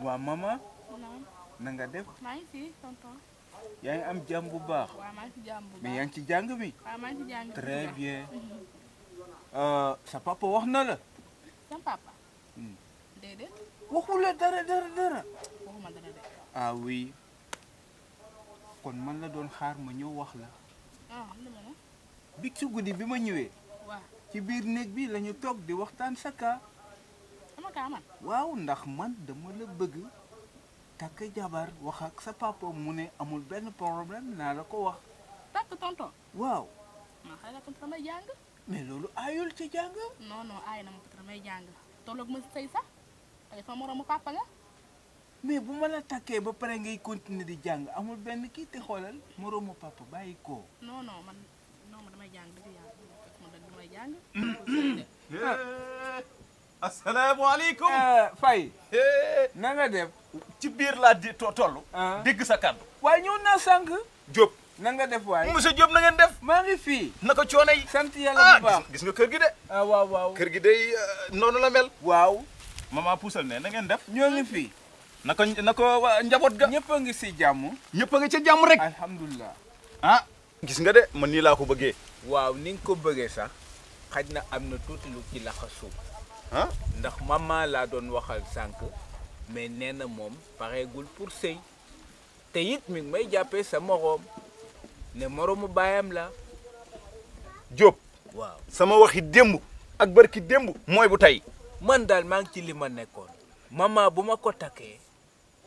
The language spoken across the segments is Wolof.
wa mama na nga def ma ngi fi tonton yaay am jamm bu baax wa ma ci jamm bu baax mais yaa ci jang bi wa ma ci jang très bien mhm. eh, sa papa wax na la sa papa hmm. dede waxu la dara dara dara waxuma oh, dara de ah oui kon man la doon xaar ma ñëw wax la ah lu mëna bi ci guddi bi ma ñëwee wa ci biir neeg bi lañu tok di waxtaan sa kaa man waaw ndax man dama la bëgg takk jabar wax ak sa papa mu ne amul benn problème naa la ko wax takk tonton waaw man xale jàng mais loolu aayul ci jàng non non aay na ma damay jàng tolloog ma sëy sax ay sama moroomu papa nga mais bu ma la takkee ba pare ngay continuer di jàng amul benn kii te xoolal moroomu papa bàyyi ko non man non ma damay jàng dëgg yàlla ma damay jàng mm-hmm. asalaamaaleykum. Eh, fay eh. Eh. na nga def. ci bir la di tollu deg sa kaddu waaye ñu na sang Diop. na nga def way monsieur Diop na ngeen def. ma ngi fi nako cionay yi. sant yàlla ah, bu baax gis nga kër gi de. ah waaw waaw kër gi de nonu la mel. waaw. Mama poussal ne na ngeen def. ñoo ngi fi nako nako njabot ga. ñepp nga ci jamm ñepp nga ci jamm rek. Alhamdulillah. ah. gis nga de man ni la ko bëgge waaw ni nga ko bëgge sax xajna amna tout lu ci laxasu. ah ndax maman laa doon waxal sànq mais nee na moom pareegul pour sëy te it mi may jàppee sa moroom ne moroomu baayam la Diop waaw sama waxi démb ak barki démb mooy bu tey man daal maa ngi ci li ma nekkoon mama bu ma ko takkee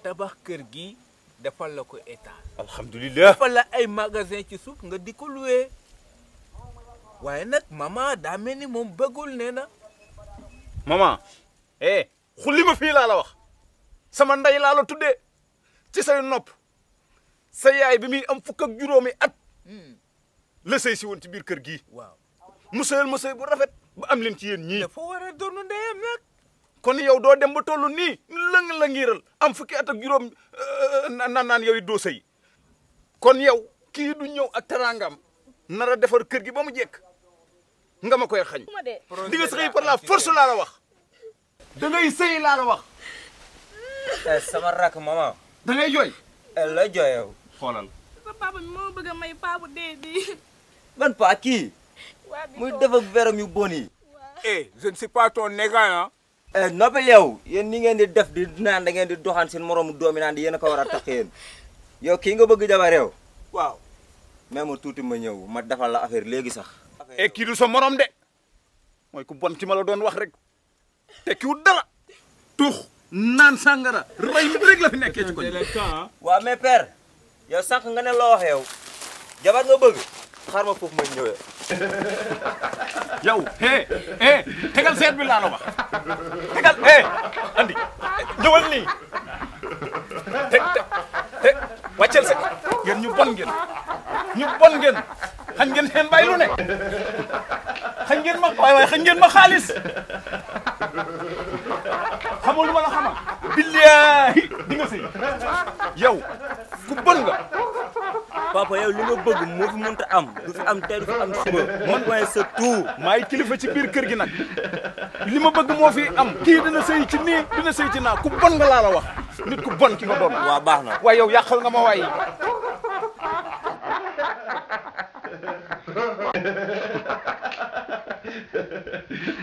tabax kër gi defal la ko état alhamdulilah la ay magasin ci suuf nga di ko loué waaye nag mama daa mel ni moom bëggul nee na maman eh xulli ma fii laa la wax sama ndey laa la tuddee ci say nopp sa yaay bi muy am fukk ak juróomi at hmm. la sëy si woon ci biir kër gi waaw mu sëyal ma sëy bu rafet bu am leen ci yéen ñii. dafa war a doon ndeyam kon yow doo dem ba toll nii lëng la ngiral am fukki at ak juróom euh, naan naan yow doo sey kon yow kii du ñëw ak teraangam nar a defar kër gi ba mu jekk ngama ma koy xañ di nga sëy par la force laa la wax. da ngay sëy la wax. Eh, sama rak mama. da ngay jooy. Eh, la joy yow. xolal papa bi mo beug may papa bu bi. ban pa ki muy def ak veram yu boni eh je ne sais pas ton négat ah. Eh, nobel yow yen ni ngeen di def di nan da ngeen di doxan sen morom doomi naan di yen ko wara a yow ki nga beug jabar yow. waaw. même touti ma ñew ma defal la affaire léegi sax. eh ki du sa morom de moy ku bon ci ma la doon wax rek. tekkiwul dara tuux naan sàngara rëy mi rek la fi nekkee ko waaw mais père yow sànq nga ne loo waxee yow jabar nga bëgg xaar ma foofu ma ñëwee yow eh eh tegal seet bi laa la wax tegal eh andi ñëwal nii te te wàccel sa ngeen ñu bon ngeen ñu bon ngeen xañ gen seen bay lu ne xañ ngeen ma waay waay xañ ma xaalis xamoo lu ma la xamal billaahi di nga sëy yow ku bon nga papa yow li bëgg moo fi mënta am du fi am tey fi am suba man waaye sa maay kilifa ci biir kër gi nag li ma bëgg moo fi am kii dina sëy ci nii dina sëy ci naa ku nga laa wax nit ku ki nga doon waaw baax na waaye yow nga ma waay